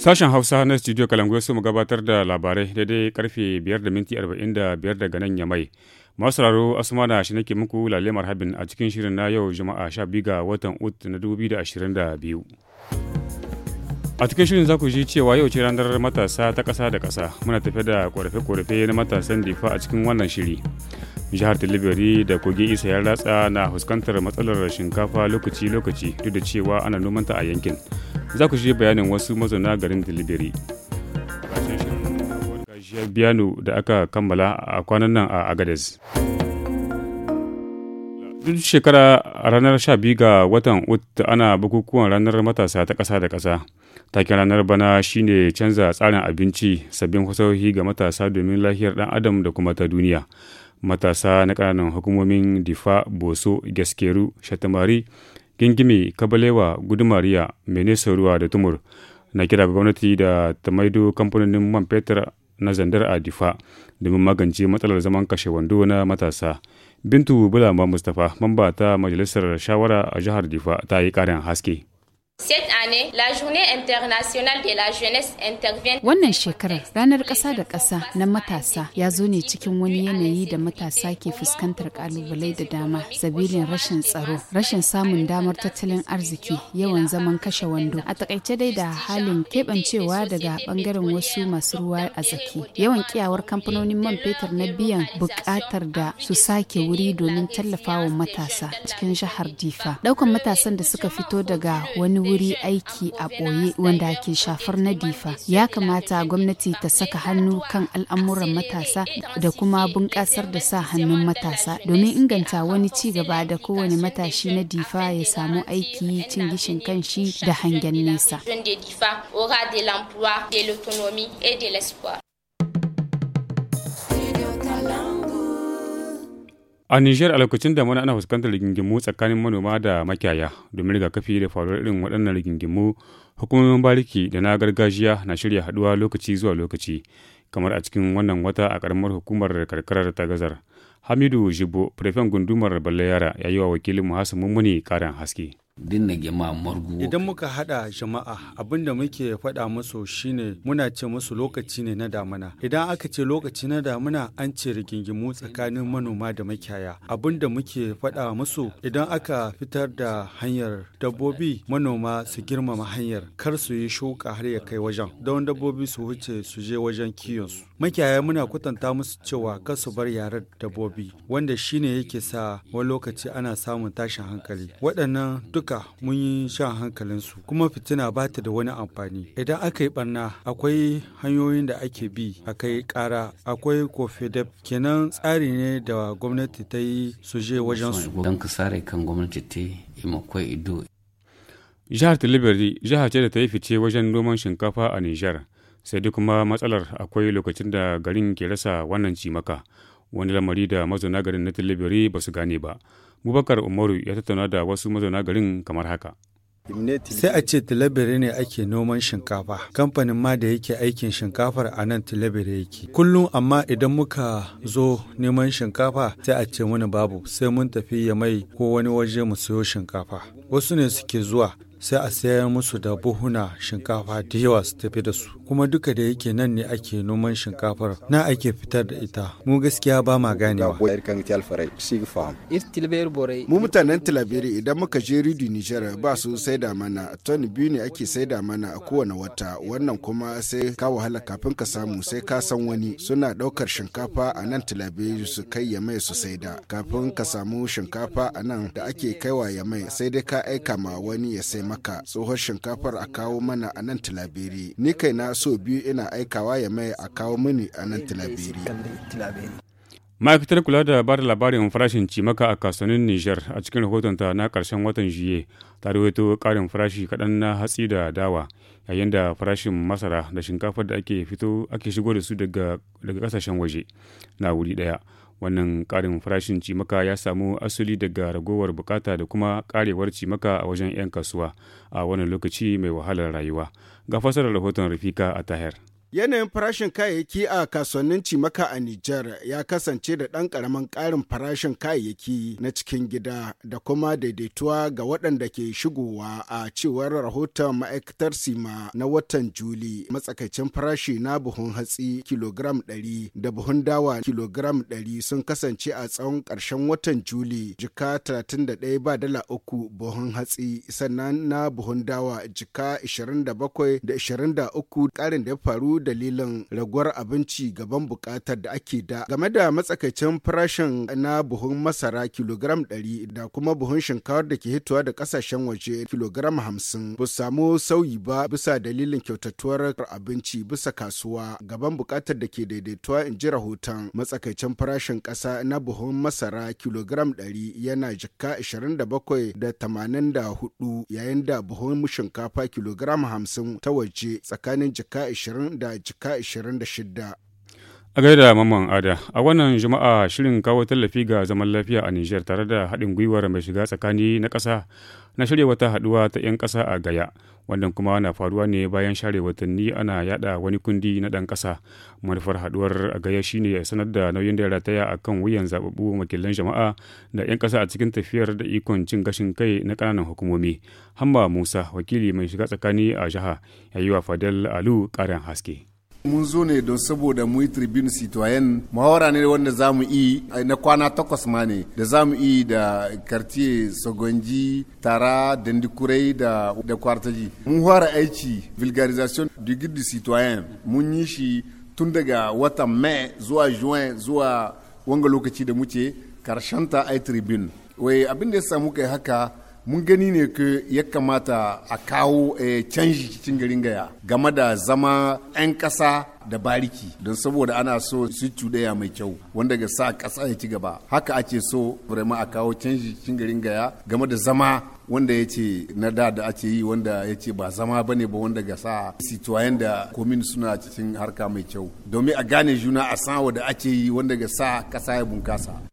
Sashen Hausa na Studio Kalangoyo su mu gabatar da labarai daidai karfe 5 da minti 45 daga nan Yamai. Masararo Asmana shi nake muku lalle marhabin a cikin shirin na yau Juma'a 12 ga watan Ut na 2022. A cikin shirin za ku ji cewa yau ce ranar matasa ta ƙasa da ƙasa muna tafe da ƙorafe-ƙorafe na matasan difa a cikin wannan shiri. jihar Tilibiri da kogi isa ya ratsa na fuskantar matsalar shinkafa lokaci-lokaci duk da cewa ana nomanta a yankin. za ku shiga bayanin wasu mazauna garin Delivery. Gajiyar Biyano da aka kammala a kwanan nan a Agadez. Duk shekara a ranar 12 ga watan Ut ana bukukuwan ranar matasa ta ƙasa da ƙasa. Taken ranar bana shine canza tsarin abinci sabbin fasahohi ga matasa domin lahiyar ɗan adam da kuma ta duniya. Matasa na ƙananan hukumomin Difa, Boso, Gaskeru, Shatamari gingimi kabalewa gudumariya ruwa da tumur na kira ga gwamnati da ta maido kamfanonin man fetur na zandar a difa domin magance matsalar zaman kashe wando na matasa bintu bulama mustapha mamba ta majalisar shawara a jihar difa ta yi karin haske Wannan shekarar ranar ƙasa da ƙasa na matasa ya zo ne cikin wani yanayi da matasa ke fuskantar ƙalubale da dama, sabilin rashin tsaro, rashin samun damar tattalin arziki, yawan zaman kashe wando. A takaice dai da halin keɓancewa daga ɓangaren wasu masu ruwa a zaki yawan kiyawar kamfanonin man fetur na biyan buƙatar da su sake wuri domin tallafawa matasa cikin jihar Difa. Ɗaukan matasan da suka fito daga wani wuri aiki a ɓoye wanda ke shafar na difa ya kamata gwamnati ta saka hannu kan al'amuran matasa da kuma bunƙasar da sa hannun matasa domin inganta wani ci gaba da kowane matashi na difa ya samu aiki cin gishin kanshi da hangen nesa. A Nijar a lokacin muna ana fuskantar rigingimu tsakanin manoma da makiyaya domin rigakafi da faruwar irin waɗannan rigingimu hukumomin bariki da na gargajiya na shirya haɗuwa lokaci zuwa lokaci kamar a cikin wannan wata a karamar hukumar karkarar ta gazar. Hamidu Jibo, prefen gundumar Balayara, ya yi wa wakilin Hassan Mummuni karin haske. dinna gima margu idan muka hada jama'a abin da muke faɗa musu shine muna ce musu lokaci ne na damuna idan aka ce lokaci na damuna an ce rigingimu tsakanin manoma da makiyaya abun da muke faɗa musu idan aka fitar da hanyar dabbobi manoma su girmama hanyar kar su yi shuka har ya kai wajen don dabbobi su wuce su je wajen su makiyaya muna kwatanta musu cewa kar su bar yaran dabbobi wanda shine yake sa wani lokaci ana samun tashin hankali waɗannan duk duka mun yi shan su kuma fitina ba ta da wani amfani. Idan aka yi barna akwai hanyoyin da ake bi a kai kara akwai kofedep kenan tsari ne da gwamnati ta yi su wajen su. Don ka sare kan gwamnati ta yi makwai ido. Jihar Tilibiri jihar ce da ta yi fice wajen noman shinkafa a Nijar sai dai kuma matsalar akwai lokacin da garin ke rasa wannan cimaka. wani lamari da mazauna garin na tilibiri ba su gane ba bubakar umaru ya tattauna da wasu mazauna garin kamar haka sai a ce tilabere ne ake noman shinkafa kamfanin ma da yake aikin shinkafar a nan tilabere yake kullum amma idan muka zo neman shinkafa sai a ce wani babu sai mun tafi ya mai ko wani waje mu sayo shinkafa wasu ne suke zuwa sai a sayar musu da buhuna shinkafa da yawa su tafi da su kuma duka da yake nan ne ake noman shinkafar na ake fitar da ita mu gaskiya ba ma ganewa mu mutanen tilaberi idan muka je ridi nijar ba su saida mana ton biyu ne ake saida mana a kowane wata wannan kuma sai ka wahala kafin ka samu sai ka san wani suna ɗaukar shinkafa a nan tilaberi su kai ya mai su saida kafin ka samu shinkafa a nan da ake kaiwa ya mai sai dai ka aika ma wani ya sai maka tsohon shinkafar a kawo mana a nan tilabiri ni kai na so biyu ina aikawa ya mai a kawo mini a nan tilabiri ma'aikatar kula da bada labarin farashin cimaka a kasuwannin niger a cikin rahoton ta na karshen watan juye ta rawaito karin farashi kaɗan na hatsi da dawa yayin da farashin masara da shinkafar da ake fito ake shigo da su daga kasashen waje na wuri daya. wannan karin farashin cimaka ya samu asali daga ragowar bukata da kuma karewar cimaka a wajen 'yan kasuwa a wani lokaci mai wahalar rayuwa ga fasarar rahoton rafika a tahir Yanayin farashin kayayyaki a kasuwannin cimaka a Nijar ya kasance da ɗan ƙaramin ƙarin farashin kayayyaki na cikin gida da kuma daidaituwa ga waɗanda ke shigowa a cewar rahoton ma'aikatar Sima na watan Juli. Matsakaicin farashi na buhun hatsi kilogram 100 da buhun dawa kilogram 100 sun kasance a tsawon ƙarshen watan Juli jika 31 ba dala uku buhun hatsi sannan na buhun dawa jika 27 da 23 ƙarin da ya faru dalilin raguwar abinci gaban bukatar da ake da game da matsakaicin farashin na buhun masara kilogram 100 da kuma buhun shinkawar da ke hitowa da kasashen waje kilogram 50 ba samu sauyi ba bisa dalilin kyautatuwar abinci bisa kasuwa gaban bukatar da ke daidaituwa in ji rahoton matsakaicin farashin kasa na buhun masara kilogram 100 yana jikka 27 da 84 yayin da buhun shinkafa kilogram 50 ta waje tsakanin jikka 20 da cika 26. A gaida mamman Ada, a wannan Juma'a shirin kawo tallafi ga zaman lafiya a Nijar tare da haɗin gwiwar mai shiga tsakani na ƙasa na shirya wata haduwa ta 'yan kasa a Gaya, wannan kuma na faruwa ne bayan share watanni ana yada wani kundi na dan kasa Manufar haduwar a Gaya shine sanar da nauyin da rataya a kan wuyan zaɓaɓɓu wakilan jama'a da 'yan kasa a cikin tafiyar da ikon cin gashin kai na ƙananan hukumomi. hamma Musa, wakili mai shiga tsakani a jiha, ya yi wa Fadel Alu ƙarin haske. mun zo ne don saboda mu yi tribune citoyen muhawara ne wanda za mu yi na kwana takwas ma ne da za mu yi da kartiye sogonji tara dandikurai da da kwartaji mun fara aiki vulgarisation du guide citoyen mun yi shi tun daga watan mai zuwa juin zuwa wanga lokaci da muke ta ai tribune wai abin da ya samu kai haka mun gani ne ke ya kamata a kawo eh, canji cikin garin gaya game da zama 'yan ƙasa da bariki don saboda ana so su cuɗaya mai kyau wanda ga sa ƙasa ya ci gaba haka ake so vraiment a kawo canji cikin garin gaya game da zama wanda ya ce na da da ake yi wanda ya ce ba zama ba ne ba wanda ga sa situayen da komin suna cikin harka mai kyau domin a gane juna a san da ake yi wanda ga sa ƙasa ya bunkasa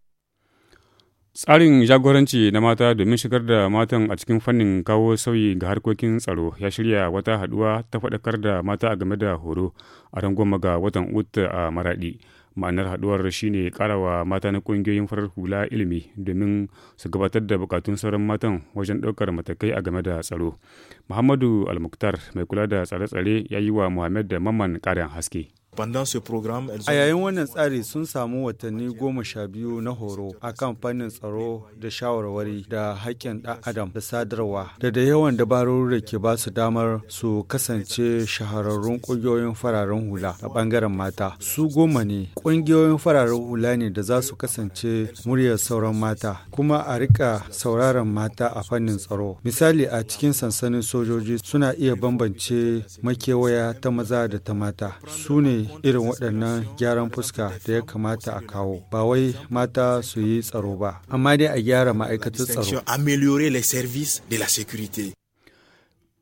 Tsarin jagoranci na mata domin shigar da matan a cikin fannin kawo sauyi ga harkokin tsaro ya shirya wata haduwa ta faɗakar da mata a game da horo a rangon ga watan Ut a Maraɗi. Ma'anar haduwar shine karawa mata na ƙungiyoyin farar hula ilimi domin su gabatar da bukatun sauran matan wajen ɗaukar matakai a game da tsaro. Muhammadu Almuktar mai kula da tsare-tsare ya yi wa Muhammad da Mamman ƙarin haske. A yayin wannan tsari sun samu watanni goma sha biyu na horo a kan fannin tsaro da shawarwari da haƙƙin ɗan adam da sadarwa da da yawan dabarori da ke ba su damar su kasance shahararrun ƙungiyoyin fararen hula a ɓangaren mata. Su goma ne ƙungiyoyin fararen hula ne da za su kasance muryar sauran mata kuma a rika sauraron mata a fannin tsaro. Misali a cikin sansanin sojoji suna iya bambance makewaya ta maza da ta mata. Su ne irin waɗannan gyaran fuska da ya kamata a kawo ba wai mata su yi tsaro ba amma dai a gyara ma'aikatar tsaro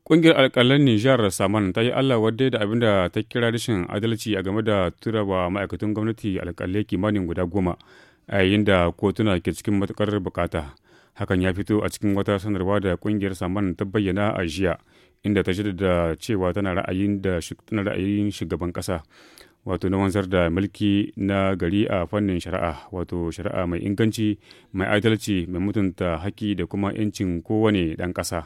Ƙungiyar alƙalan Nijar Saman ta yi Allah wadda da abin da ta kira rashin adalci a game da turawa ma'aikatan gwamnati alƙalai kimanin guda goma a yayin da kotuna ke cikin matuƙar bukata. Hakan ya fito a cikin wata sanarwa da ƙungiyar Saman ta bayyana a jiya, inda ta da cewa tana ra'ayin shugaban ƙasa. wato na wanzar da mulki na gari a fannin shari'a wato shari'a mai inganci mai adalci mai mutunta haƙƙi da kuma 'yancin kowane ɗan ƙasa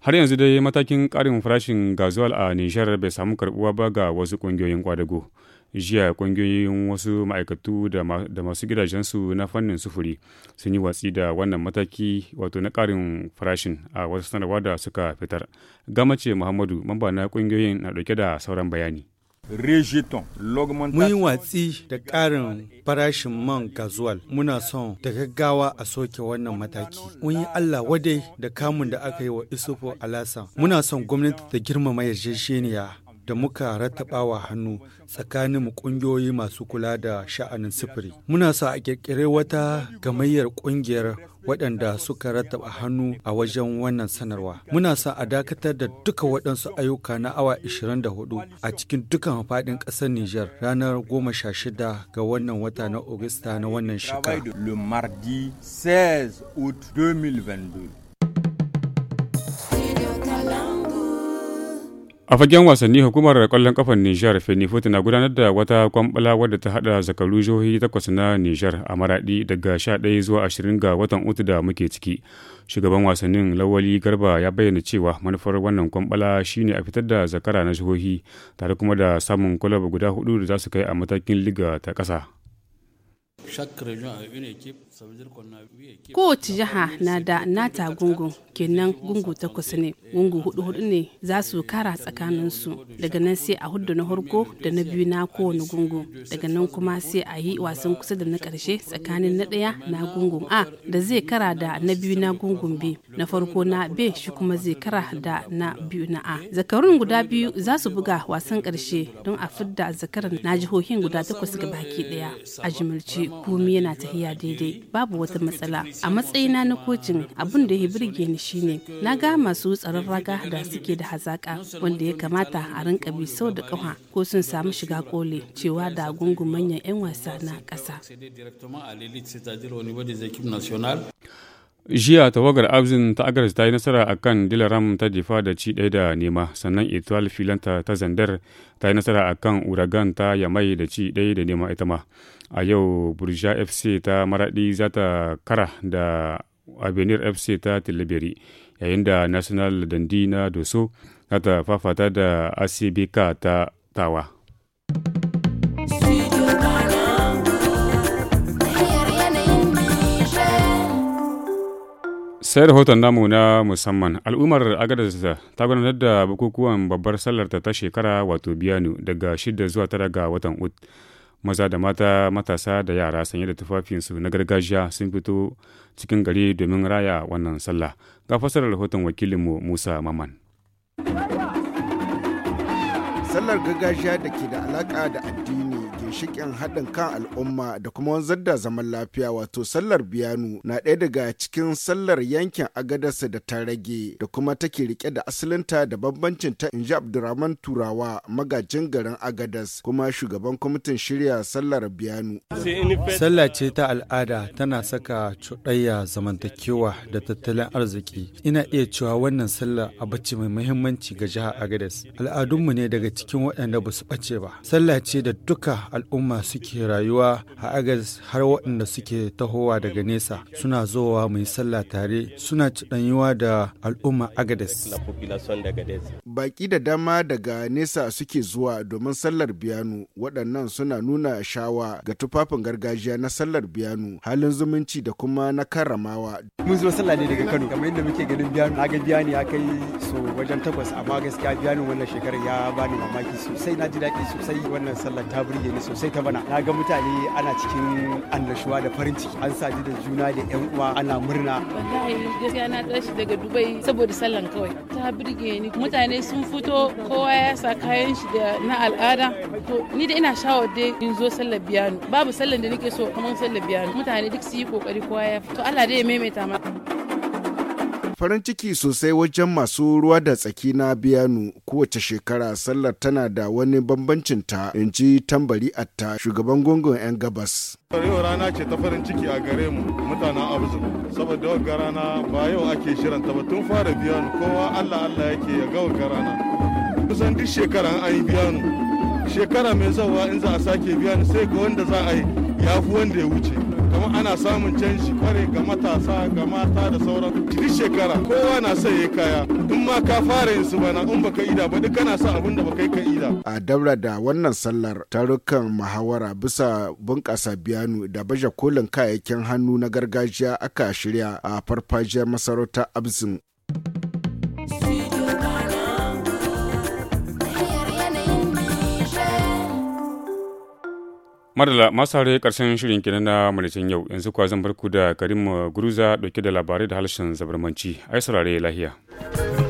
har yanzu dai matakin ƙarin farashin gazuwal a nishar bai samu karɓuwa ba ga wasu ƙungiyoyin kwadago jiya kungiyoyin wasu ma'aikatu da masu gidajensu na fannin sufuri sun yi watsi da wannan mataki wato na ƙarin farashin a wasu sanarwa da suka fitar gamace muhammadu mamba na kungiyoyin na dauke da sauran bayani Mun yi watsi da ƙarin farashin man gazuwal muna son da gaggawa a soke wannan mataki. Mun yi Allah wadai da kamun da aka yi wa Isufu Alasa. Muna son gwamnati ta girmama yarjejeniya da muka rattabawa hannu tsakanin ƙungiyoyi masu kula da sha'anin sufuri. Muna sa a kirkire wata gamayyar ƙungiyar waɗanda suka rattaba hannu a wajen wannan sanarwa. Muna sa a dakatar da duka waɗansu ayyuka na awa 24 a cikin dukan faɗin ƙasar Nijar ranar 16 ga wannan wata na Ogista na wannan shekara. A fagen wasanni hukumar kwallon kafar Nijar Fenifut na gudanar da wata kwambala wadda ta hada zakaru jihohi takwas na Nijar a maradi daga sha 11 zuwa ashirin ga watan Utu da muke ciki. Shugaban wasannin Lawali Garba ya bayyana cewa manufar wannan kwambala shine a fitar da zakara na jihohi tare kuma da samun kwalaba guda hudu da za su kai a matakin liga ta ƙasa. Kowace jiha na da nata gungun kenan gungu takwas ne, gungu hudu hudu ne za su kara tsakaninsu daga nan sai a hudu na harko da na biyu na kowane gungu daga nan kuma sai a yi wasan kusa da na karshe tsakanin na daya na gungun A da zai kara da na biyu na gungun B na farko na B shi kuma zai kara da na biyu na A. Zakarun guda biyu za su buga wasan karshe don a fidda zakaran na jihohin guda takwas ga baki daya a jimilci komi yana tafiya daidai babu wata matsala a matsayina na kocin abin da ya birge ni shine na ga masu tsaron raga da suke da hazaka wanda ya kamata a rinka bi sau da kafa ko sun samu shiga kole cewa da gungun manyan 'yan wasa na ƙasa. jiya tawagar abzin ta agres ta yi nasara a kan dilaram ta difa da ci ɗaya da nema sannan etoile filanta ta zandar ta yi nasara a kan uragan ta yamai da ci ɗaya da nema ita ma a yau burja fc ta maraɗi za ta kara da avenir fc ta tilibiri yayin da national dandi na doso za ta fafata da acbk ta tawa sai rahoton namu na musamman al'ummar agadez ta gudanar da bukukuwan babbar sallar ta shekara wato biyanu daga 6 zuwa 9 ga watan ut maza da mata matasa da yara sanye da tufafinsu na gargajiya sun fito cikin gari domin raya wannan sallah ga fasarar rahoton wakilinmu musa maman sallar gargajiya da ke da alaka da addini ginshikin haɗin kan al'umma da kuma wanzar da zaman lafiya wato sallar biyanu na ɗaya daga cikin sallar yankin agadarsa da ta rage da kuma take rike da asalinta da bambancin ta inji abdurrahman turawa magajin garin agadas kuma shugaban kwamitin shirya sallar biyanu sallah ce ta al'ada tana saka cuɗayya zamantakewa da tattalin arziki ina iya cewa wannan sallar abu ce mai muhimmanci ga jihar agadas al'adunmu ne daga cikin waɗanda ba su ɓace ba sallah ce da duka al'umma suke rayuwa a agas har waɗanda suke tahowa daga nesa suna zowa mai sallah tare suna cuɗanyuwa da al'umma agades baƙi da dama daga nesa suke zuwa domin sallar biyanu waɗannan suna nuna shawa ga tufafin gargajiya na sallar biyanu halin zumunci da kuma na karramawa mun zo sallah ne daga kano kamar yadda muke ganin biyanu aga biyani ya kai so wajen takwas amma gaskiya biyanu wannan shekarar ya bani mamaki sosai na ji daɗi sosai wannan sallar ta burge ni sosai ta bana na ga mutane ana cikin annashuwa da farin ciki an saji da juna da yan uwa ana murna wallahi gaskiya na tashi daga dubai saboda sallan kawai ta birge ni mutane sun fito kowa ya sa kayan shi da na al'ada to ni da ina shawar dai in zo sallar biyanu babu sallan da nake so kamar sallar biyanu mutane duk su yi kokari kowa ya fito Allah dai ya maimaita ma. farin ciki sosai wajen masu ruwa da tsaki na biyanu kowace shekara sallar tana da wani bambancin ta in ji tambari atta shugaban gungun 'yan gabas. Yau rana ce ta farin ciki a gare mu mutanen abuzu saboda yau rana ba yau ake shirin ta ba tun fara biyanu kowa Allah Allah yake ya ga rana. Kusan duk shekara an yi biyanu shekara mai zawa in za a sake biyanu sai ga wanda za a yi ya fi wanda ya wuce. kuma ana samun canji kware ga matasa ga mata da sauran duk shekara kowa na son ya kaya in ma ka fara yin su bana in baka ida ba duk kana sa abin da baka yi ka ida a daura da wannan sallar tarukan muhawara bisa bunƙasa biyanu da baje kolin kayayyakin hannu na gargajiya aka shirya a farfajiyar masarautar abzin madala masu hare karshen shirin kina na malicin yau yanzu kuwa zan barku da karim guruza dauke da labarai da harshen zabarmanci ai saurare lahiya